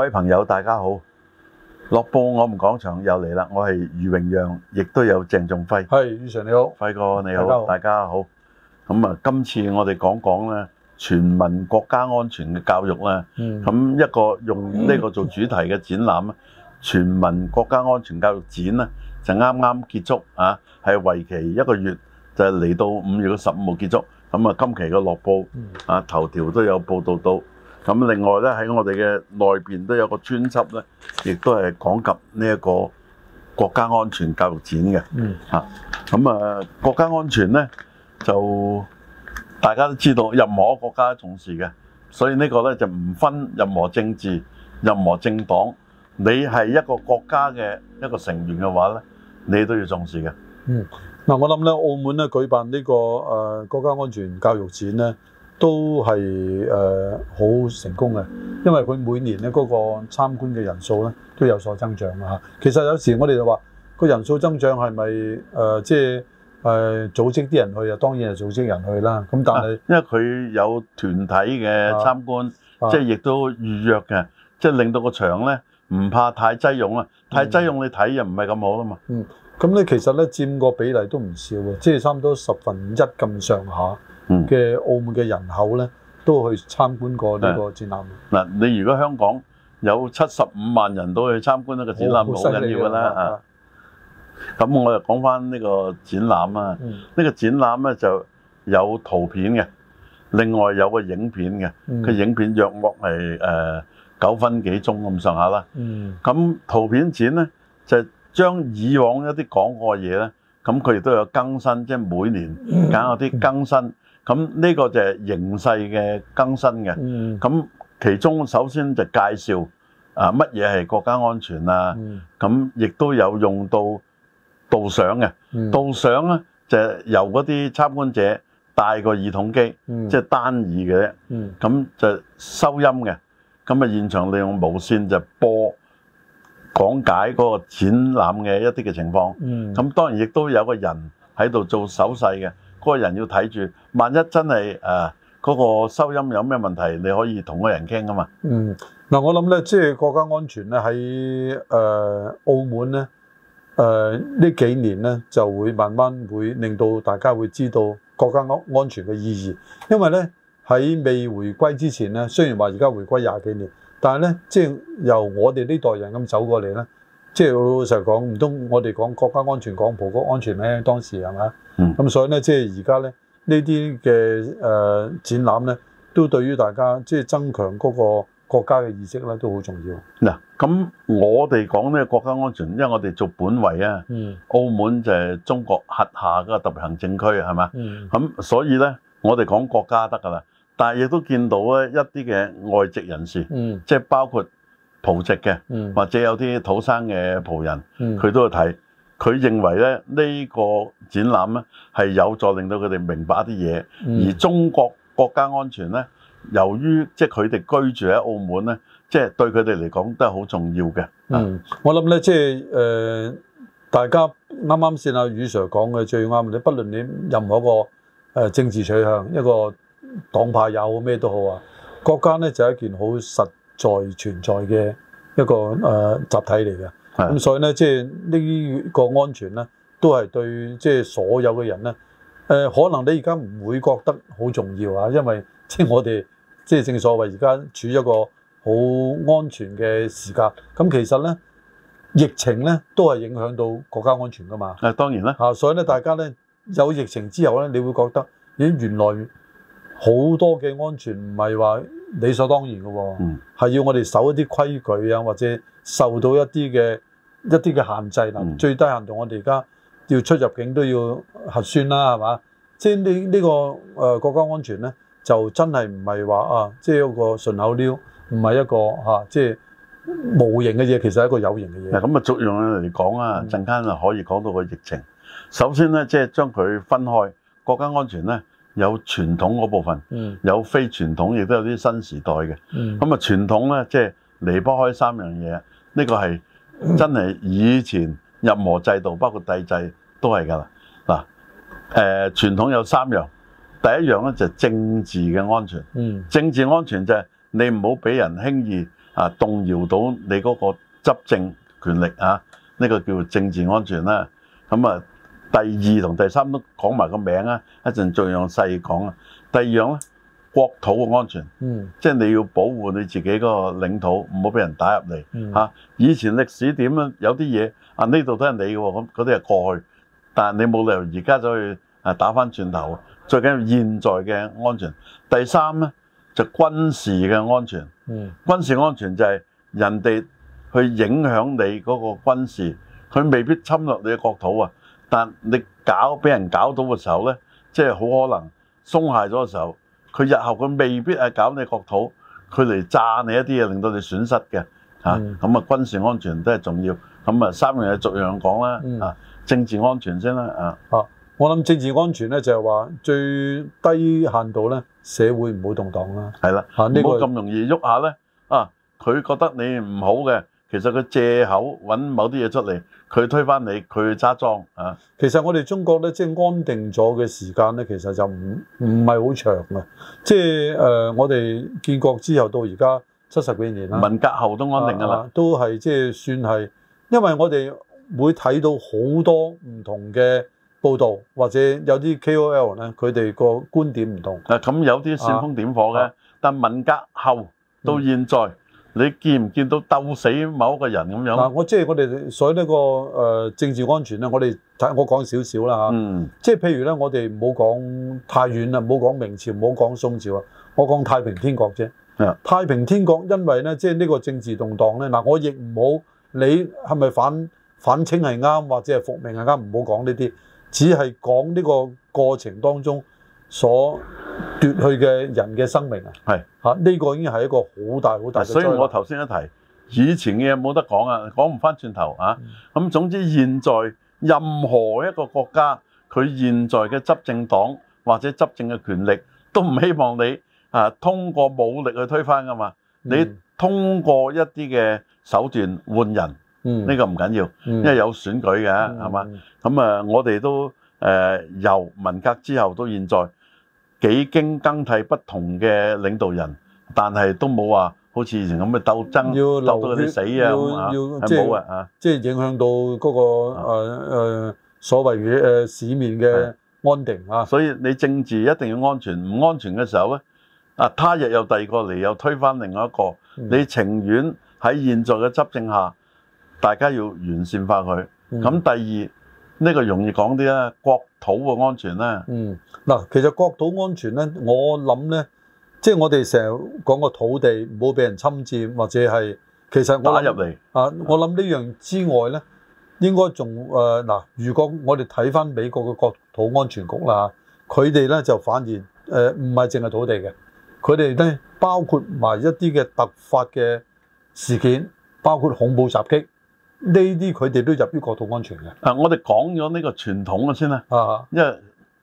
各位朋友，大家好！樂報我們講場又嚟啦，我係余榮讓，亦都有鄭仲輝。係余常，你好，輝哥你好，大家好。咁啊，今次我哋講講咧，全民國家安全嘅教育咧，咁一個用呢個做主題嘅展覽咧，全民國家安全教育展咧就啱啱結束啊，係為期一個月，就嚟到五月嘅十五號結束。咁啊，今期嘅樂報啊頭條都有報道到。咁另外咧，喺我哋嘅內邊都有個專輯咧，亦都係講及呢一個國家安全教育展嘅。嗯。嚇、啊，咁啊，國家安全咧就大家都知道，任何國家都重視嘅，所以這個呢個咧就唔分任何政治、任何政黨，你係一個國家嘅一個成員嘅話咧，你都要重視嘅。嗯。嗱，我諗咧，澳門咧舉辦呢、這個誒、呃、國家安全教育展咧。都係誒好成功嘅，因為佢每年咧嗰個參觀嘅人數咧都有所增長啦嚇。其實有時我哋就話個人數增長係咪誒即係誒組織啲人去啊？當然係組織人去啦。咁但係因為佢有團體嘅參觀，即係亦都預約嘅，即係、啊、令到個場咧唔怕太擠擁。啊、嗯！太擠擁你睇又唔係咁好啦嘛嗯。嗯，咁咧其實咧佔個比例都唔少，即係、就是、差唔多十分一咁上下。嘅、嗯、澳門嘅人口咧，都去參觀過呢個展覽。嗱、嗯，你如果香港有七十五萬人都去參觀呢個展覽，好緊要㗎啦。咁、嗯、我就講翻呢個展覽啊。呢、嗯、個展覽咧就有圖片嘅，另外有個影片嘅。佢、嗯、影片約莫係誒九分幾鐘咁上下啦。咁、嗯、圖片展咧就是、將以往一啲講過嘅嘢咧。咁佢亦都有更新，即係每年揀有啲更新。咁呢個就係形勢嘅更新嘅。咁其中首先就介紹啊乜嘢係國家安全啊。咁亦都有用到導賞嘅。導賞咧就由嗰啲參觀者帶個耳筒機，即係單耳嘅啫。咁就收音嘅。咁啊現場利用無線就播。講解嗰個展覽嘅一啲嘅情況，咁當然亦都有個人喺度做手勢嘅，嗰、嗰個人要睇住。萬一真係誒嗰個收音有咩問題，你可以同嗰人傾㗎嘛。嗯，嗱我諗咧，即係國家安全咧喺誒澳門咧，誒、呃、呢幾年咧就會慢慢會令到大家會知道國家安安全嘅意義，因為咧喺未回歸之前咧，雖然話而家回歸廿幾年。但係咧，即係由我哋呢代人咁走過嚟咧，即係老實講，唔通我哋講國家安全講葡國安全咩？當時係咪？咁、嗯、所以咧，即係而家咧，呢啲嘅誒展覽咧，都對於大家即係增強嗰個國家嘅意識咧，都好重要。嗱、嗯，咁我哋講呢國家安全，因為我哋做本位啊，澳門就係中國轄下嗰個特別行政區係咪？咁、嗯、所以咧，我哋講國家得㗎啦。但係亦都見到咧一啲嘅外籍人士，嗯、即係包括葡籍嘅，嗯、或者有啲土生嘅葡人，佢、嗯、都去睇。佢認為咧呢個展覽咧係有助令到佢哋明白一啲嘢。嗯、而中國國家安全咧，由於即係佢哋居住喺澳門咧，即係對佢哋嚟講都係好重要嘅。嗯，我諗咧即係誒、呃、大家啱啱先阿、啊、余 Sir 講嘅最啱，你不論你任何一個政治取向一個。黨派也好，咩都好啊。國家咧就係、是、一件好實在存在嘅一個誒、呃、集體嚟嘅。咁是的 所以咧，即係呢個安全咧，都係對即係所有嘅人咧。誒、呃，可能你而家唔會覺得好重要啊，因為即係我哋即係正所謂而家處一個好安全嘅時間。咁其實咧，疫情咧都係影響到國家安全㗎嘛。誒，當然啦。啊，所以咧，大家咧有疫情之後咧，你會覺得咦，原來～好多嘅安全唔係話理所當然嘅喎，係、嗯、要我哋守一啲規矩啊，或者受到一啲嘅一啲嘅限制嗱。嗯、最低限度我哋而家要出入境都要核酸啦，係嘛？即係呢呢個誒、呃、國家安全咧，就真係唔係話啊，即、就、係、是、一個順口溜，唔係一個嚇，即、啊、係、就是、無形嘅嘢，其實係一個有形嘅嘢。咁啊、嗯，作用嚟講啊，陣間啊可以講到個疫情。首先咧，即係將佢分開，國家安全咧。有傳統嗰部分，有非傳統，亦都有啲新時代嘅。咁啊，傳統咧即係離不開三樣嘢，呢、這個係真係以前任何制度，包括帝制都係噶啦。嗱，誒、呃、傳統有三樣，第一樣咧就係、是、政治嘅安全。嗯、政治安全就係你唔好俾人輕易啊動搖到你嗰個執政權力啊，呢、這個叫政治安全啦。咁啊。啊第二同第三都講埋個名啊！一陣再用細講啊。第二樣咧，國土嘅安全，嗯，即係你要保護你自己個個領土，唔好俾人打入嚟嚇。以前歷史點啊？有啲嘢啊，呢度都係你嘅喎，咁嗰啲係過去。但你冇理由而家再去打翻轉頭。最緊要現在嘅安全。第三咧就是、軍事嘅安全，嗯，軍事安全就係人哋去影響你嗰個軍事，佢未必侵入你嘅國土啊。但你搞俾人搞到嘅時候咧，即係好可能鬆懈咗嘅時候，佢日後佢未必係搞你國土，佢嚟炸你一啲嘢，令到你損失嘅嚇。咁啊，軍事安全都係重要。咁啊、嗯，三樣嘢逐樣講啦。啊、嗯嗯嗯嗯嗯，政治安全先啦。啊，我諗政治安全咧就係話最低限度咧，社會唔好動盪啦。係啦的，嚇，呢個咁容易喐下咧。啊，佢覺得你唔好嘅。其實佢借口揾某啲嘢出嚟，佢推翻你，佢揸莊啊！其實我哋中國咧，即係安定咗嘅時間咧，其實就唔唔係好長嘅。即係誒、呃，我哋建國之後到而家七十幾年啦。文革後都安定㗎啦、啊啊、都係即係算係，因為我哋會睇到好多唔同嘅報道，或者有啲 KOL 咧，佢哋個觀點唔同啊。啊，咁有啲煽風點火嘅，啊啊、但文革後到現在、嗯。你見唔見到鬥死某一個人咁樣？嗱，我即係我哋，所以呢、這個誒、呃、政治安全咧，我哋睇我講少少啦嚇。嗯。即係譬如咧，我哋唔好講太遠啦，唔好講明朝，唔好講宋朝啊，我講太平天國啫。啊的。太平天國，因為咧，即係呢個政治動盪咧。嗱，我亦唔好你係咪反反清係啱，或者係復明係啱，唔好講呢啲，只係講呢個過程當中所。奪去嘅人嘅生命啊，係吓呢個已經係一個好大好大嘅。所以我頭先一提以前嘅嘢冇得講啊，講唔翻轉頭啊。咁總之，現在任何一個國家，佢現在嘅執政黨或者執政嘅權力，都唔希望你啊通過武力去推翻噶嘛。你通過一啲嘅手段換人，呢個唔緊要，因為有選舉嘅係嘛。咁啊，我哋都誒由文革之後到現在。幾經更替不同嘅領導人，但係都冇話好似以前咁嘅鬥爭，要鬥到佢哋死啊，係冇啊！啊樣，即係影響到嗰、那個誒的、啊、所謂誒市面嘅安定的啊！所以你政治一定要安全，唔安全嘅時候咧，啊他日又第二個嚟又推翻另外一個，你情願喺現在嘅執政下，大家要完善化佢。咁的第二。呢個容易講啲啦，國土嘅安全咧。嗯，嗱，其實國土安全咧，我諗咧，即係我哋成日講個土地唔好俾人侵佔，或者係其實我諗打入嚟啊。我諗呢樣之外咧，應該仲誒嗱，如果我哋睇翻美國嘅國土安全局啦，佢哋咧就反而誒唔係淨係土地嘅，佢哋咧包括埋一啲嘅突發嘅事件，包括恐怖襲擊。呢啲佢哋都入於國土安全嘅。啊，我哋講咗呢個傳統嘅先啦。啊，因為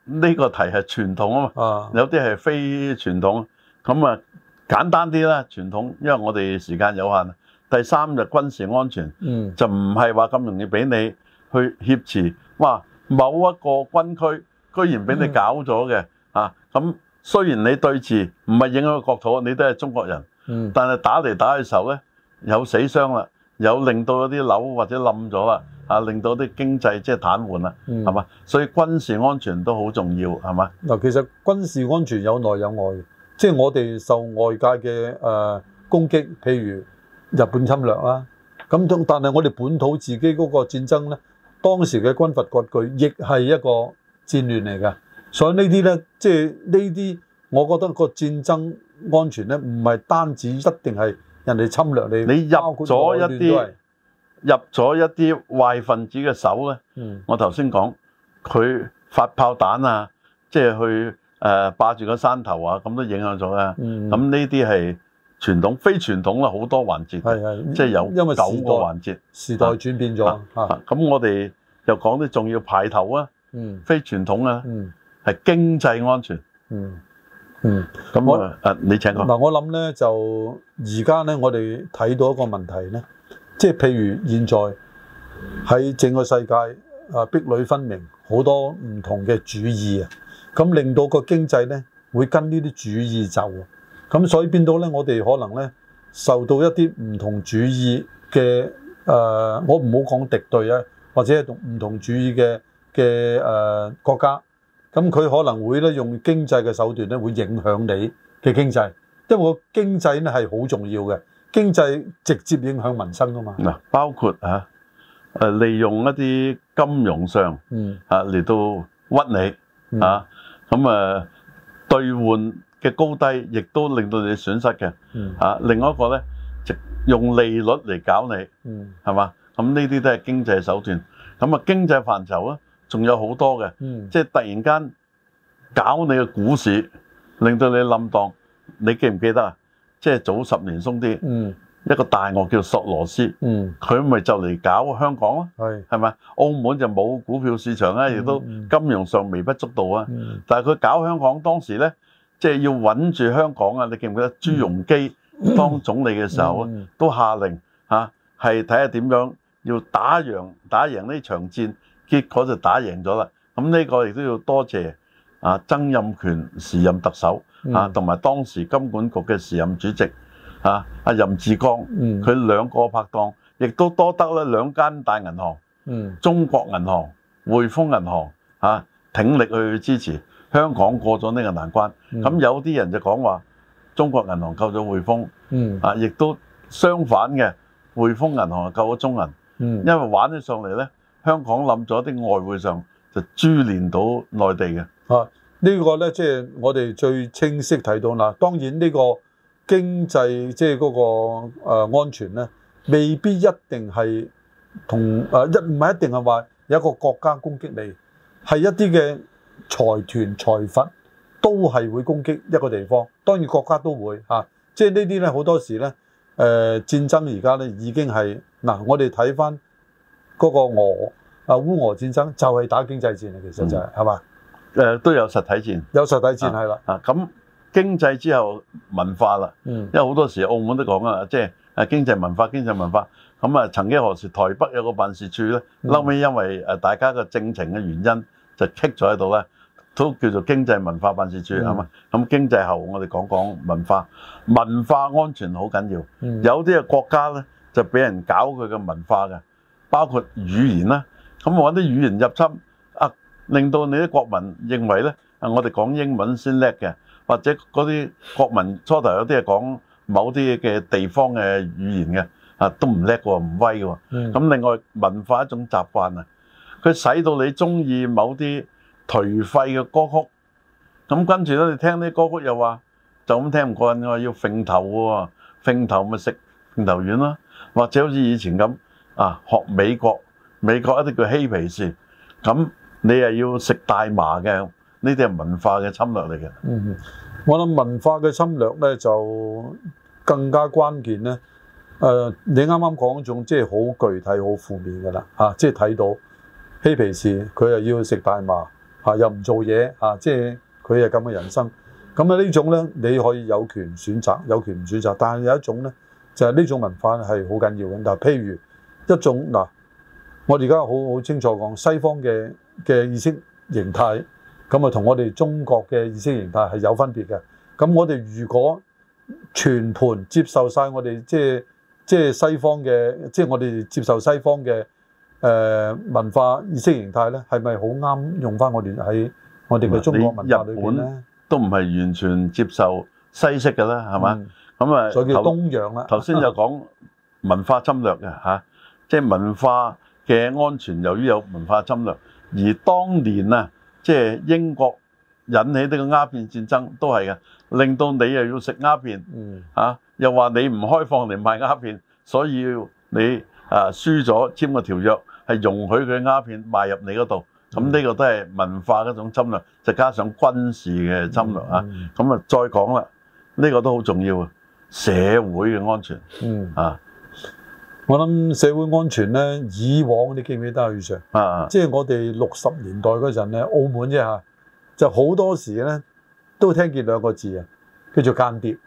呢個題係傳統啊嘛。啊，有啲係非傳統。咁啊，簡單啲啦，傳統。因為我哋時間有限。第三就軍事安全。嗯。就唔係話咁容易俾你去挾持。哇！某一個軍區居然俾你搞咗嘅。嗯、啊，咁雖然你對峙唔係影響國土，你都係中國人。嗯。但係打嚟打去時候咧，有死傷啦。有令到嗰啲樓或者冧咗啦，啊，令到啲經濟即係癱瘓啦，係嘛、嗯？所以軍事安全都好重要，係嘛？嗱，其實軍事安全有內有外，即、就、係、是、我哋受外界嘅誒、呃、攻擊，譬如日本侵略啦，咁都但係我哋本土自己嗰個戰爭咧，當時嘅軍閥割據亦係一個戰亂嚟㗎，所以呢啲咧即係呢啲，就是、我覺得個戰爭安全咧唔係單止一定係。人哋侵略你，你入咗一啲入咗一啲壞分子嘅手咧。我頭先講佢發炮彈啊，即係去誒霸住個山頭啊，咁都影響咗啊。咁呢啲係傳統、非傳統啦，好多環節，即係有九個環節。時代轉變咗嚇。咁我哋又講啲重要派頭啊，非傳統啊，係經濟安全。嗯，咁我誒、嗯，你請講。嗱，我諗咧就而家咧，我哋睇到一個問題咧，即係譬如現在喺整個世界誒、啊，壁壘分明，好多唔同嘅主義啊，咁令到個經濟咧會跟呢啲主義走咁、啊、所以變到咧，我哋可能咧受到一啲唔同主義嘅誒、啊，我唔好講敵對啊，或者係同唔同主義嘅嘅誒國家。咁佢可能會咧用經濟嘅手段咧，會影響你嘅經濟，因為經濟咧係好重要嘅，經濟直接影響民生㗎嘛。嗱，包括啊，誒利用一啲金融上啊嚟到屈你啊，咁啊兌換嘅高低亦都令到你損失嘅。啊，另外一個咧，用利率嚟搞你，係嘛？咁呢啲都係經濟手段。咁啊，經濟範疇啊。仲有好多嘅，即係突然間搞你嘅股市，令到你冧檔。你記唔記得啊？即係早十年鬆啲，一個大鱷叫索羅斯，佢咪就嚟搞香港咯？係係咪？澳門就冇股票市場啦，亦都金融上微不足道啊。但係佢搞香港當時咧，即係要穩住香港啊！你記唔記得朱鎔基當總理嘅時候，都下令吓係睇下點樣要打贏打贏呢場戰。結果就打贏咗啦，咁呢個亦都要多謝啊曾蔭權時任特首、嗯、啊，同埋當時金管局嘅時任主席啊阿任志剛，佢兩、嗯、個拍檔，亦都多得咧兩間大銀行，嗯、中國銀行、匯豐銀行啊挺力去支持香港過咗呢個難關。咁、嗯、有啲人就講話中國銀行救咗匯豐，嗯、啊亦都相反嘅匯豐銀行救咗中銀，嗯、因為玩咗上嚟咧。香港諗咗啲外匯上就株連到內地嘅，啊、這個、呢個咧即係我哋最清晰睇到啦。當然呢個經濟即係嗰個、呃、安全咧，未必一定係同誒一唔係一定係話有一個國家攻擊你，係一啲嘅財團財閥都係會攻擊一個地方。當然國家都會嚇，即、啊、係、就是、呢啲咧好多時咧誒、呃、戰爭而家咧已經係嗱、啊，我哋睇返。嗰個俄啊烏俄戰爭，就係打經濟戰，其實就係，係嘛，誒都有實體戰，有實體戰係啦，啊咁、啊、經濟之後文化啦，嗯、因為好多時澳門都講啊，即係啊經濟文化經濟文化咁啊、嗯。曾經何時台北有個辦事處咧？後尾、嗯、因為大家嘅政情嘅原因就棘咗喺度咧，都叫做經濟文化辦事處係嘛。咁、嗯、經濟後，我哋講講文化，文化安全好緊要，嗯、有啲嘅國家咧就俾人搞佢嘅文化㗎。包括語言啦，咁我啲語言入侵啊，令到你啲國民認為咧，啊我哋講英文先叻嘅，或者嗰啲國民初頭有啲係講某啲嘅地方嘅語言嘅，啊都唔叻喎，唔威喎。咁另外文化一種習慣啊，佢使到你中意某啲頹廢嘅歌曲，咁跟住咧你聽啲歌曲又話就咁聽唔慣，又話要揈頭喎，揈頭咪食揈頭丸咯，或者好似以前咁。啊！學美國美國一啲叫嬉皮士，咁你係要食大麻嘅，呢啲係文化嘅侵略嚟嘅。嗯，我諗文化嘅侵略咧就更加關鍵咧。誒、呃，你啱啱講嗰種即係好具體、好負面㗎啦。嚇、啊，即係睇到嬉皮士佢又要食大麻嚇、啊，又唔做嘢嚇，即係佢係咁嘅人生。咁啊這種呢種咧，你可以有權選擇，有權唔選擇。但係有一種咧，就係、是、呢種文化係好緊要嘅。嗱，譬如一種嗱，我而家好好清楚講，西方嘅嘅意識形態咁啊，同我哋中國嘅意識形態係有分別嘅。咁我哋如果全盤接受曬我哋即係即係西方嘅，即係我哋接受西方嘅誒文化意識形態咧，係咪好啱用翻我哋喺我哋嘅中國文化裏邊咧？日本都唔係完全接受西式㗎啦，係嘛？咁啊，所以叫東洋啦。頭先就講文化侵略嘅嚇。即係文化嘅安全，由於有文化侵略。而當年啊，即係英國引起呢個鴉片戰爭都係嘅，令到你又要食鴉片，啊，又話你唔開放嚟賣鴉片，所以你啊輸咗簽個條約，係容許佢嘅鴉片賣入你嗰度。咁呢個都係文化嗰種侵略，就加上軍事嘅侵略啊。咁啊，再講啦，呢個都好重要，社會嘅安全啊。我諗社會安全咧，以往你記唔記得，余 Sir? 啊，即係我哋六十年代嗰陣咧，澳門啫嚇，就好多時咧，都聽見兩個字啊，叫做間諜，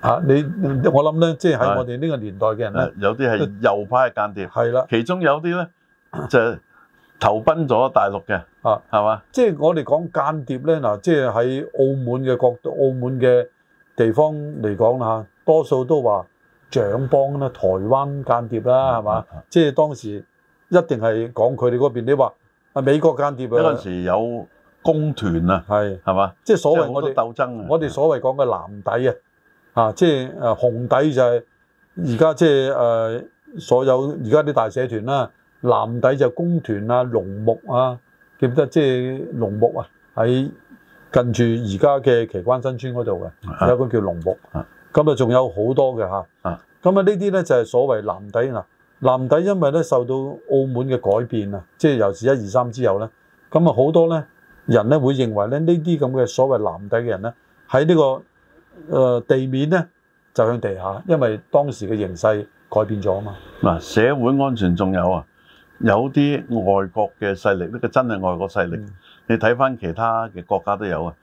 啊、你我諗咧，即係喺我哋呢個年代嘅人咧、啊，有啲係右派嘅間諜，係啦、啊，其中有啲咧、啊、就投奔咗大陸嘅，啊，係嘛吧，即係我哋講間諜咧，嗱，即係喺澳門嘅角度，澳門嘅地方嚟講啦嚇，多數都話。蔣幫啦，台灣間諜啦，係嘛？是是是，即係當時一定係講佢哋嗰邊。你話啊，美國間諜啊，嗰陣時有工團啊，係係嘛？吧即係所謂我哋鬥爭啊，我哋所謂講嘅藍底啊，是是啊，即係紅底就係而家即係所有而家啲大社團啦，藍底就係工團啊，龍木啊，記，記得即係龍木啊，喺近住而家嘅奇關新村嗰度嘅，有個叫龍木。是是是咁啊，仲有好多嘅啊，咁啊呢啲咧就係所謂藍底。藍底因為咧受到澳門嘅改變啊，即係由是一二三之後咧，咁啊好多咧人咧會認為咧呢啲咁嘅所謂藍底嘅人咧喺呢個誒地面咧就向地下，因為當時嘅形勢改變咗啊嘛。嗱，社會安全仲有啊，有啲外國嘅勢力，呢個真係外國勢力，嗯、你睇翻其他嘅國家都有啊，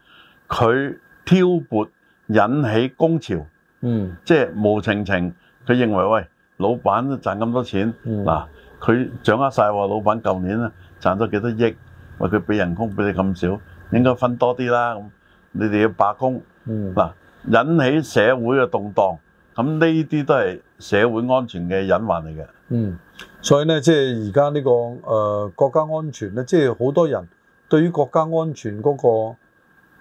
佢挑撥引起工潮。嗯，即係無情情，佢認為喂，老闆賺咁多錢，嗱，佢掌握曬喎，老闆舊年咧賺咗幾多億，喂，佢俾人工俾你咁少，應該分多啲啦咁，你哋要罷工，嗱，引起社會嘅動盪，咁呢啲都係社會安全嘅隱患嚟嘅。嗯，所以咧，即係而家呢個誒國家安全咧，即係好多人對於國家安全嗰個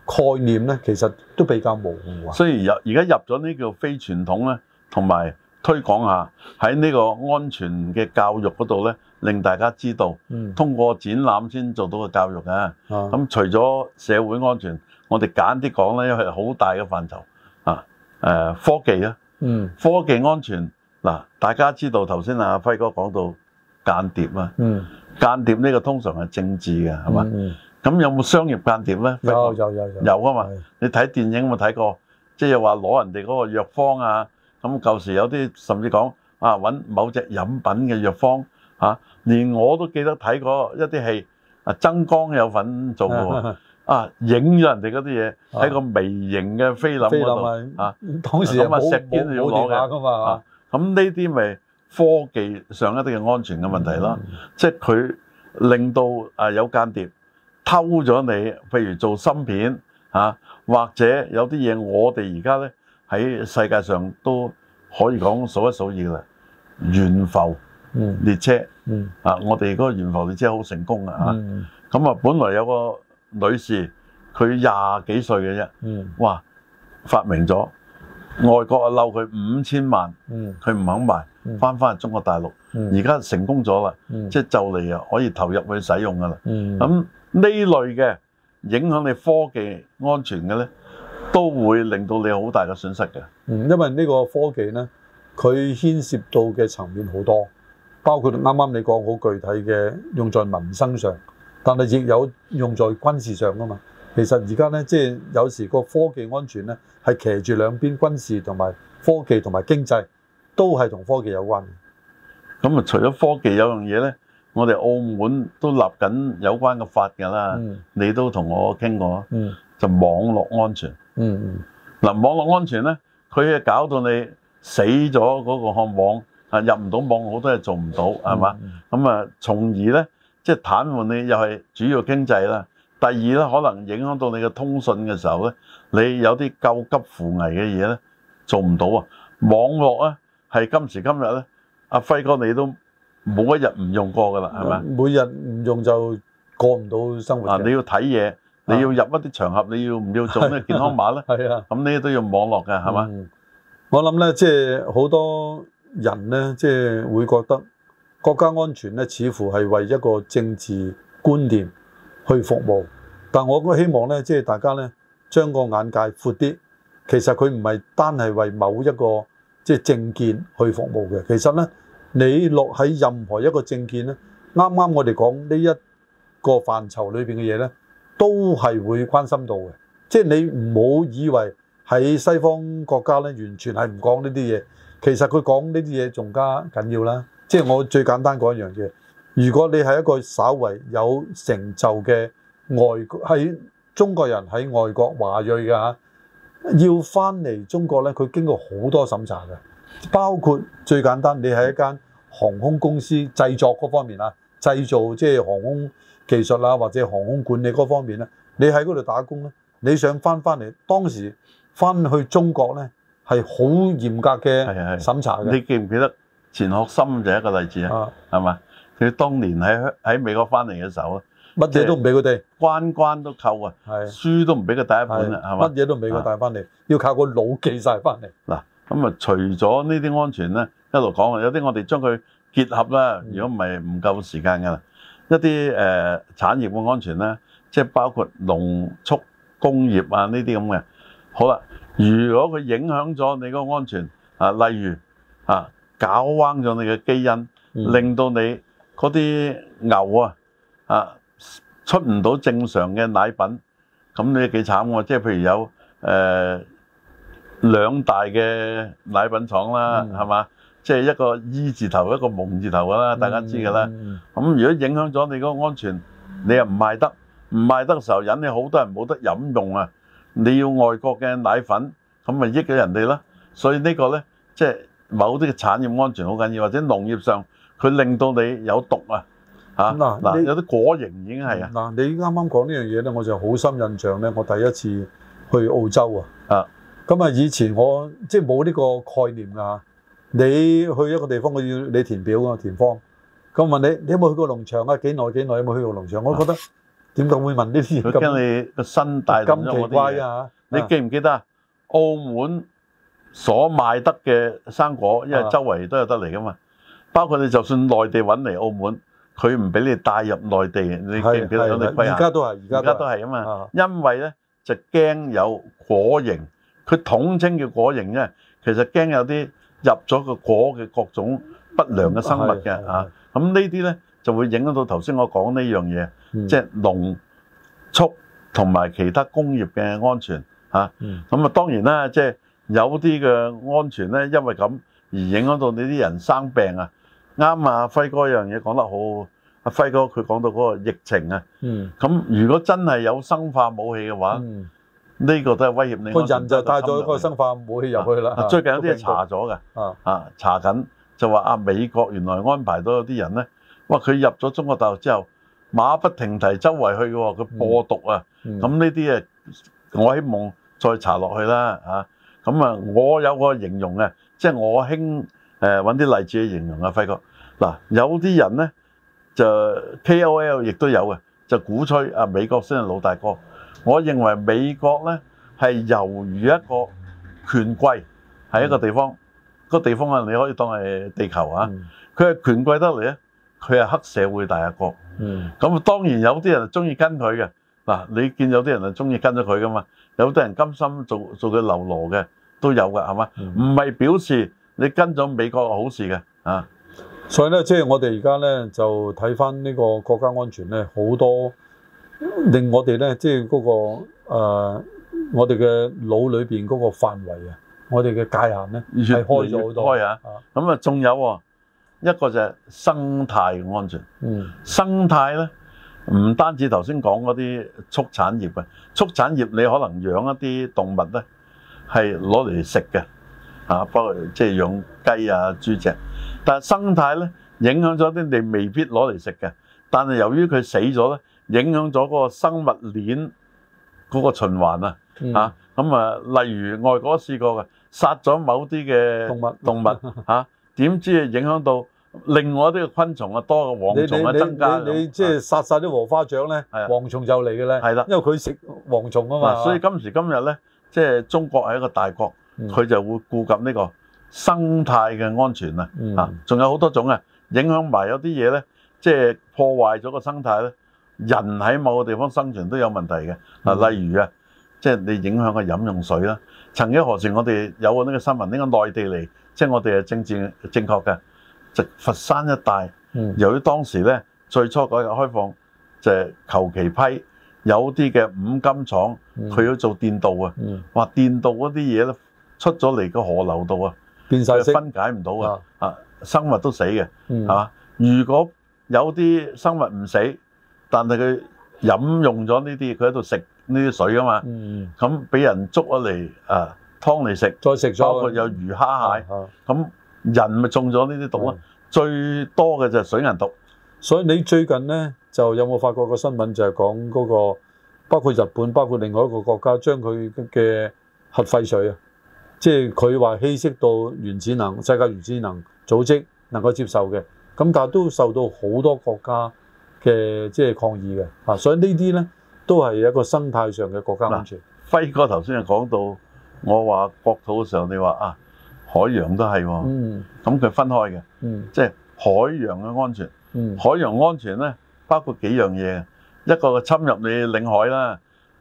概念咧，其實都比較模糊啊。所以現在入而家入咗呢個非傳統咧，同埋推廣下喺呢個安全嘅教育嗰度咧，令大家知道，通過展覽先做到個教育嘅、啊。咁、嗯、除咗社會安全，我哋簡啲講咧，因為好大嘅範疇啊。誒、呃、科技啊，嗯、科技安全嗱，大家知道頭先阿輝哥講到間諜啊，間諜呢個通常係政治嘅，係嘛、嗯嗯？咁有冇商業間諜咧？有有有有啊嘛！你睇電影有冇睇過？即係又話攞人哋嗰個藥方啊！咁舊時有啲甚至講啊，揾某隻飲品嘅藥方嚇，連我都記得睇過一啲戲啊。曾江有份做過啊，影咗人哋嗰啲嘢喺個微型嘅菲林嗰度啊。當時冇冇電話㗎嘛？咁呢啲咪科技上一啲嘅安全嘅問題啦。即係佢令到啊有間諜。偷咗你，譬如做芯片啊或者有啲嘢我哋而家咧喺世界上都可以講數一數二噶啦。懸浮列車、嗯嗯、啊，我哋嗰個懸浮列車好成功啊吓。咁啊，嗯、本來有個女士，佢廿幾歲嘅啫，哇，發明咗，外國啊嬲佢五千萬，佢唔肯賣，翻返嚟中國大陸，而家成功咗啦，即係就嚟啊可以投入去使用噶啦。咁、嗯嗯呢類嘅影響你科技安全嘅呢，都會令到你好大嘅損失嘅。嗯，因為呢個科技呢，佢牽涉到嘅層面好多，包括啱啱你講好具體嘅用在民生上，但係亦有用在軍事上㗎嘛。其實而家呢，即係有時個科技安全呢，係騎住兩邊軍事同埋科技同埋經濟都係同科技有關。咁啊，嗯，除咗科技有樣嘢呢。我哋澳門都立緊有關嘅法㗎啦，嗯、你都同我傾過，嗯、就網絡安全。嗱、嗯，嗯、網絡安全咧，佢誒搞到你死咗嗰個網啊，入唔到網好多嘢做唔到，係嘛、嗯？咁啊，從、嗯、而咧，即係癱瘓你又係主要經濟啦。第二咧，可能影響到你嘅通訊嘅時候咧，你有啲救急扶危嘅嘢咧，做唔到啊。網絡咧，係今時今日咧，阿輝哥你都。冇一日唔用過㗎啦，係嘛？每日唔用就過唔到生活的，啊。你要睇嘢，你要入一啲場合，啊、你要唔要做咩健康碼咧？係啊，咁呢都要網絡㗎，係嘛、嗯？我諗咧，即係好多人咧，即係會覺得國家安全咧，似乎係為一個政治觀念去服務。但我都希望咧，即係大家咧，將個眼界闊啲。其實佢唔係單係為某一個即係政見去服務嘅。其實咧。你落喺任何一個政見咧，啱啱我哋講呢一個範疇裏邊嘅嘢咧，都係會關心到嘅。即係你唔好以為喺西方國家咧，完全係唔講呢啲嘢。其實佢講呢啲嘢仲加緊要啦。即係我最簡單講一樣嘢，如果你係一個稍為有成就嘅外喺中國人喺外國華裔嘅吓，要翻嚟中國咧，佢經過好多審查嘅，包括最簡單你係一間。航空公司製作嗰方面啊，製造即係航空技術啊，或者航空管理嗰方面咧，你喺嗰度打工咧，你想翻翻嚟，當時翻去中國咧，係好嚴格嘅審查，係係係，你記唔記得錢學森就係一個例子啊？係嘛係，佢當年喺喺美國翻嚟嘅時候啊，乜嘢都唔俾佢哋，關關都扣啊，書都唔俾佢帶一本啦，係嘛，乜嘢都唔俾佢帶翻嚟，要靠個腦記晒翻嚟。嗱咁啊，除咗呢啲安全咧。一路講啊，有啲我哋將佢結合啦。如果唔係唔夠時間㗎啦，一啲誒產業嘅安全咧，即係包括農畜工業啊呢啲咁嘅。好啦，如果佢影響咗你個安全啊，例如啊搞彎咗你嘅基因，令到你嗰啲牛啊啊出唔到正常嘅奶粉，咁你幾慘喎！即係譬如有誒兩大嘅奶粉廠啦，係嘛？即係一個 E 字頭，一個蒙字頭噶啦，大家知噶啦。咁如果影響咗你個安全，你又唔賣得，唔賣得嘅時候，引起好多人冇得飲用啊！你要外國嘅奶粉，咁咪益咗人哋啦。所以呢個咧，即係某啲嘅產業安全好緊要，或者農業上佢令到你有毒啊嚇嗱嗱，有啲果形已經係啊嗱，你啱啱講呢樣嘢咧，我就好深印象咧，我第一次去澳洲啊，咁啊，以前我即係冇呢個概念噶嚇。你去一個地方，我要你填表㗎嘛，填方。咁問你，你有冇去過農場啊？幾耐幾耐有冇去過農場？我覺得點解會問呢啲咁？驚你個身帶咗啲嘢。咁奇怪啊！你記唔記得啊？澳門所賣得嘅生果，因為周圍都有得嚟噶嘛。包括你就算內地揾嚟澳門，佢唔俾你帶入內地。你記唔記得？而家都係，而家都係啊嘛。因為咧就驚有果形，佢統稱嘅果形咧，其實驚有啲，入咗個果嘅各種不良嘅生物嘅咁、啊啊、呢啲咧就會影響到頭先我講呢樣嘢，嗯、即係農畜同埋其他工業嘅安全咁啊、嗯、啊當然啦，即、就、係、是、有啲嘅安全咧，因為咁而影響到你啲人生病啊。啱啊，輝哥一樣嘢講得好。阿、啊、輝哥佢講到嗰個疫情、嗯、啊，咁如果真係有生化武器嘅話。嗯呢個都係威脅，你個人就帶咗一個生化武器入去啦。最近有啲查咗嘅，啊啊查緊就話啊美國原來安排到有啲人咧，哇佢入咗中國大陸之後馬不停蹄周圍去嘅喎，佢播毒啊，咁呢啲啊、嗯、我希望再查落去啦啊，咁啊，啊我有個形容嘅，即係我興誒揾啲例子去形容啊輝哥嗱、啊、有啲人咧就 K O L 亦都有嘅，就鼓吹啊美國先係老大哥。我認為美國咧係猶如一個權貴，係一個地方，嗯、個地方啊，你可以當係地球啊。佢係權貴得嚟咧，佢係黑社會大阿哥。嗯，咁當然有啲人中意跟佢嘅嗱，你見有啲人啊中意跟咗佢噶嘛？有啲人甘心做做佢流羅嘅都有㗎，係嘛？唔係表示你跟咗美國係好事嘅啊。所以咧，即係我哋而家咧就睇翻呢個國家安全咧，好多。令我哋咧，即係嗰個誒，我哋嘅腦裏面嗰個範圍啊，我哋嘅界限咧係開咗好多。開啊！咁啊，仲有啊，一個就係生態安全。嗯，生態咧唔單止頭先講嗰啲畜產業啊，畜產業你可能養一啲動物咧係攞嚟食嘅嚇，包括即係養雞啊、豬隻。但係生態咧影響咗啲，你未必攞嚟食嘅。但係由於佢死咗咧。影響咗嗰個生物鏈嗰個循環啊！嚇咁啊，例如外國都試過嘅，殺咗某啲嘅動物動物嚇，點知影響到另外一啲昆蟲啊，多個蝗蟲啊增加咁。你你你即係殺晒啲禾花雀咧，蝗蟲就嚟嘅咧。係啦，因為佢食蝗蟲啊嘛。所以今時今日咧，即係中國係一個大國，佢就會顧及呢個生態嘅安全啊！嚇，仲有好多種啊，影響埋有啲嘢咧，即係破壞咗個生態咧。人喺某個地方生存都有問題嘅嗱，例如啊，即係你影響個飲用水啦。曾經何時我哋有呢個新聞？呢個內地嚟，即係我哋嘅政治正確嘅，直佛山一帶。嗯、由於當時咧最初改革開放就係求其批，有啲嘅五金廠佢要做電鍍啊，話電鍍嗰啲嘢咧出咗嚟個河流度啊，變晒分解唔到啊，啊生物都死嘅，係嘛、嗯啊？如果有啲生物唔死。但係佢飲用咗呢啲，佢喺度食呢啲水啊嘛，咁俾、嗯、人捉咗嚟啊，劏嚟食，再食咗佢有魚蝦蟹，咁、嗯嗯、人咪中咗呢啲毒咯。嗯、最多嘅就係水銀毒。所以你最近呢，就有冇發過個新聞就、那個，就係講嗰個包括日本，包括另外一個國家將佢嘅核廢水啊，即係佢話稀釋到原子能世界原子能組織能、能夠接受嘅，咁但係都受到好多國家。嘅即係抗議嘅，啊，所以呢啲咧都係一個生態上嘅國家安全。輝哥頭先又講到，我話國土嘅時候，你話啊，海洋都係喎，咁佢分開嘅，即係海洋嘅安全。海洋安全咧包括幾樣嘢，一個侵入你領海啦，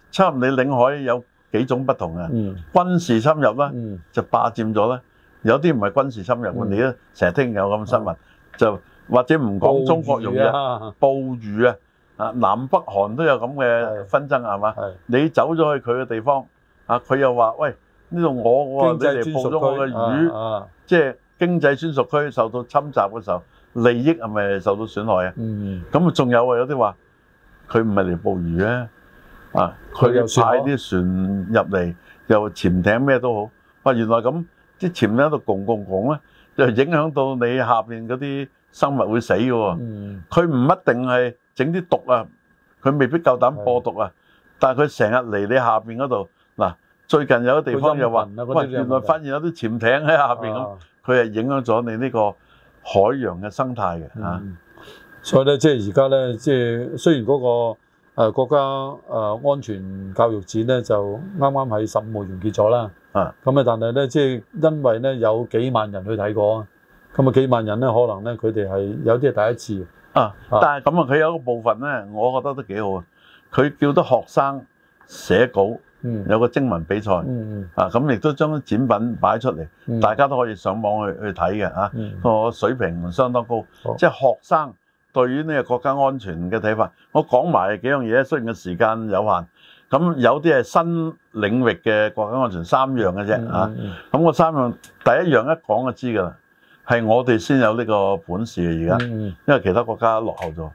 侵入你領海有幾種不同嘅，軍事侵入啦，就霸佔咗啦，有啲唔係軍事侵入喎，你都成日聽有咁新聞就。或者唔講中國用嘅魚啊，捕魚啊，啊南北韓都有咁嘅紛爭係嘛？你走咗去佢嘅地方，啊佢又話：喂，呢度我我你嚟捕咗我嘅魚，即係經濟專屬區受到侵襲嘅時候，利益係咪受到損害啊？咁啊仲有啊，有啲話佢唔係嚟捕魚嘅，啊佢又派啲船入嚟，又潛艇咩都好，哇原來咁即係潛艇喺度拱拱拱咧，就影響到你下邊嗰啲。生物會死嘅喎，佢唔一定係整啲毒啊，佢未必夠膽播毒啊，是的但係佢成日嚟你下邊嗰度嗱，最近有啲地方又話，哇、那個呃，原來發現有啲潛艇喺下邊咁，佢係、啊、影響咗你呢個海洋嘅生態嘅嚇，嗯啊、所以咧即係而家咧即係雖然嗰、那個誒、呃、國家誒、呃、安全教育展咧就啱啱喺十五號完結咗啦，啊，咁啊但係咧即係因為咧有幾萬人去睇過啊。咁啊幾萬人咧，可能咧佢哋係有啲係第一次啊！但係咁啊，佢有一個部分咧，我覺得都幾好啊。佢叫得學生寫稿，有個徵文比賽啊，咁亦都將展品擺出嚟，大家都可以上網去去睇嘅嚇。個、啊嗯、水平相當高，即係、嗯、學生對於呢個國家安全嘅睇法。我講埋幾樣嘢咧，雖然個時間有限，咁有啲係新領域嘅國家安全三樣嘅啫嚇。咁個、嗯嗯啊、三樣第一樣一講就知㗎啦。係我哋先有呢個本事嘅而家，因為其他國家落後咗。呢、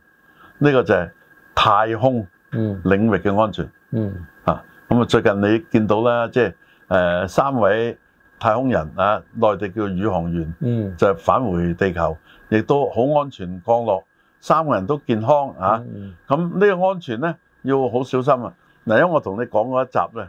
這個就係太空領域嘅安全。啊、嗯，咁、嗯、啊最近你見到啦，即係、呃、三位太空人啊，內地叫宇航員，嗯、就返回地球，亦都好安全降落，三個人都健康啊。咁呢、嗯、個安全呢，要好小心啊。嗱，因為我同你講嗰一集呢，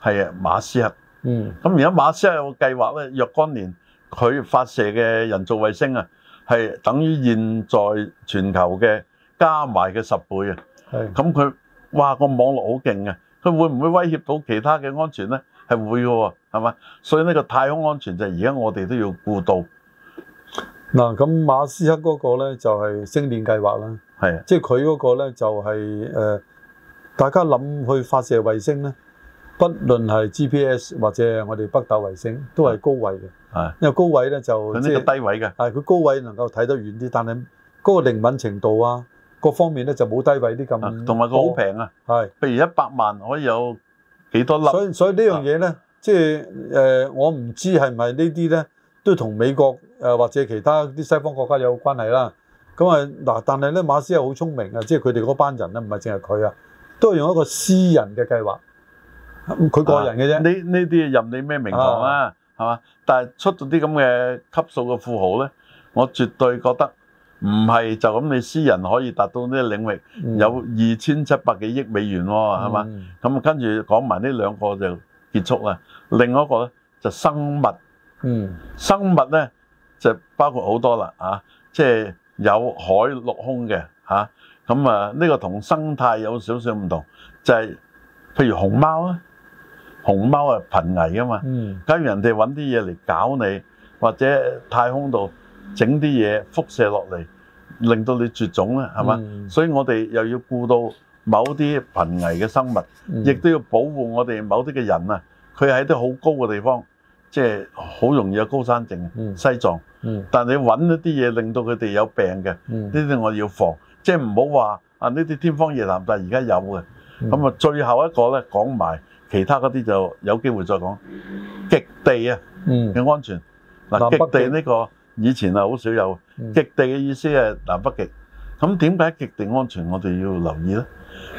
係馬斯克。咁而家馬斯克有個計劃呢，若干年。佢發射嘅人造衛星啊，係等於現在全球嘅加埋嘅十倍啊。係咁佢，哇、個網絡好勁嘅，佢會唔會威脅到其他嘅安全咧？係會嘅喎，係嘛？所以呢個太空安全就係而家我哋都要顧到。嗱，咁馬斯克嗰個咧就係星鏈計劃啦。係啊，即係佢嗰個咧就係、係、誒、呃，大家諗去發射衛星咧。不論係 GPS 或者我哋北斗衛星，都係高位嘅。是因為高位咧就即係低位嘅。啊，佢高位能夠睇得遠啲，但係嗰個靈敏程度啊，各方面咧就冇低位啲咁。同埋個好平啊。係是，譬如一百萬可以有幾多粒？所以所以呢樣嘢咧，即係是、就是呃、我唔知係咪呢啲咧都同美國、呃、或者其他啲西方國家有關係啦。咁啊嗱，但係咧馬斯克好聰明啊，即係佢哋嗰班人咧，唔係淨係佢啊，都係用一個私人嘅計劃。佢個人嘅啫，呢呢啲任你咩名堂啦，係嘛？但係出咗啲咁嘅級數嘅富豪咧，我絕對覺得唔係就咁，你私人可以達到呢個領域有二千七百幾億美元喎，係嘛？咁跟住講埋呢兩個就結束啦。另一個咧就生物，嗯，生物咧就包括好多啦，啊，即係有海陸空嘅，吓咁啊，呢個同生態有少少唔同，就係譬如熊貓啊。熊貓係，瀕危噶嘛？假如、嗯、人哋揾啲嘢嚟搞你，或者太空度整啲嘢輻射落嚟，令到你絕種咧，係嘛？嗯、所以我哋又要顧到某啲瀕危嘅生物，嗯、亦都要保護我哋某啲嘅人啊。佢喺啲好高嘅地方，即係好容易有高山症、嗯、西藏，嗯、但你揾一啲嘢令到佢哋有病嘅，呢啲、嗯、我要防。嗯、即係唔好話啊，呢啲天方夜譚，但係而家有嘅。咁啊、嗯，最後一個咧講埋。其他嗰啲就有機會再講極地啊嘅安全嗱，嗯、極,極地呢個以前啊好少有、嗯、極地嘅意思係南北極咁點解極地安全我哋要留意咧？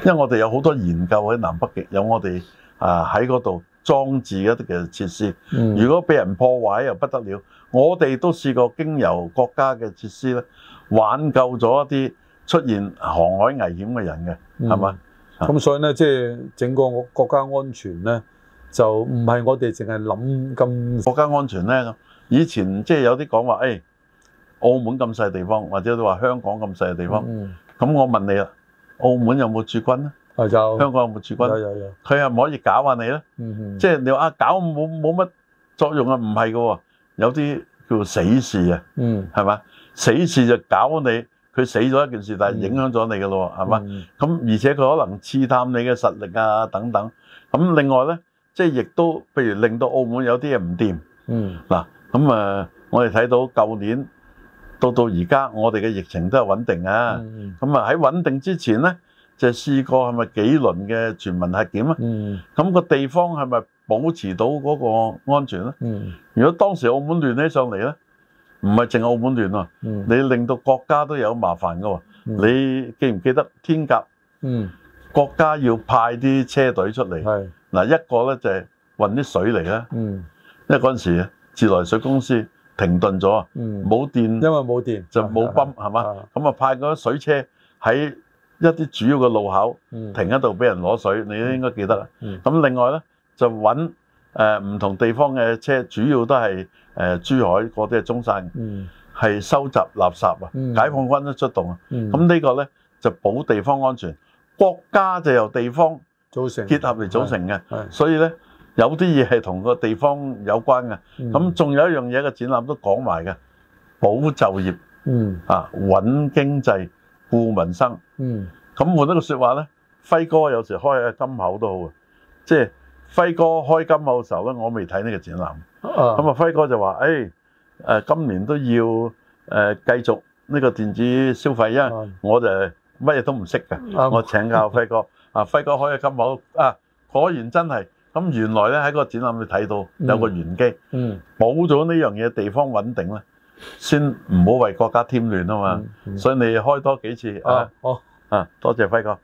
因為我哋有好多研究喺南北極，有我哋啊喺嗰度裝置一啲嘅設施。嗯、如果俾人破壞又不得了，我哋都試過經由國家嘅設施咧，挽救咗一啲出現航海危險嘅人嘅，係嘛、嗯？咁所以咧，即係整個國家安全咧，就唔係我哋淨係諗咁國家安全咧。以前即係有啲講話，誒，澳門咁細地方，或者你話香港咁細嘅地方，咁我問你啦，澳門有冇駐軍咧？誒就香港有冇駐軍？有有有。佢係唔可以搞下你咧？嗯嗯。即係你話啊，搞冇冇乜作用啊？唔係㗎喎，有啲叫死事啊，嗯，係咪？死事就搞你。佢死咗一件事，但係影響咗你嘅咯，係嘛？咁而且佢可能刺探你嘅實力啊等等。咁另外咧，即係亦都，譬如令到澳門有啲嘢唔掂。嗯，嗱，咁啊，我哋睇到舊年到到而家，我哋嘅疫情都係穩定啊。咁啊，喺穩定之前咧，就試過係咪幾輪嘅全民核檢啊？嗯，咁個地方係咪保持到嗰個安全咧？嗯，如果當時澳門亂起上嚟咧？唔係淨澳門亂喎，你令到國家都有麻煩㗎喎。你記唔記得天鴿？國家要派啲車隊出嚟。嗱，一個咧就係運啲水嚟啦。因為嗰陣時，自來水公司停頓咗啊，冇電，因為冇電就冇泵係嘛。咁啊，派嗰啲水車喺一啲主要嘅路口停喺度俾人攞水，你都應該記得啦。咁另外咧就揾。誒唔、呃、同地方嘅車，主要都係誒、呃、珠海嗰啲係中山，係、嗯、收集垃圾啊！嗯、解放軍都出動啊！咁、嗯、呢個咧就保地方安全，國家就由地方結合嚟組成嘅，嗯、所以咧有啲嘢係同個地方有關嘅。咁仲、嗯、有一樣嘢嘅展覽都講埋嘅，保就業、嗯、啊，穩經濟、顧民生。咁換、嗯嗯、一個說話咧，輝哥有時開下金口都好，即係。輝哥開金茂嘅時候咧，我未睇呢個展覽。咁啊，輝哥就話，誒誒今年都要誒繼續呢個電子消費。因為我就乜嘢都唔識㗎，我請教輝哥。啊，輝哥開嘅金茂啊，果然真係。咁原來咧喺個展覽你睇到有個玄機，冇咗呢樣嘢地方穩定咧，先唔好為國家添亂啊嘛。所以你開多幾次啊。好。啊，多謝輝哥。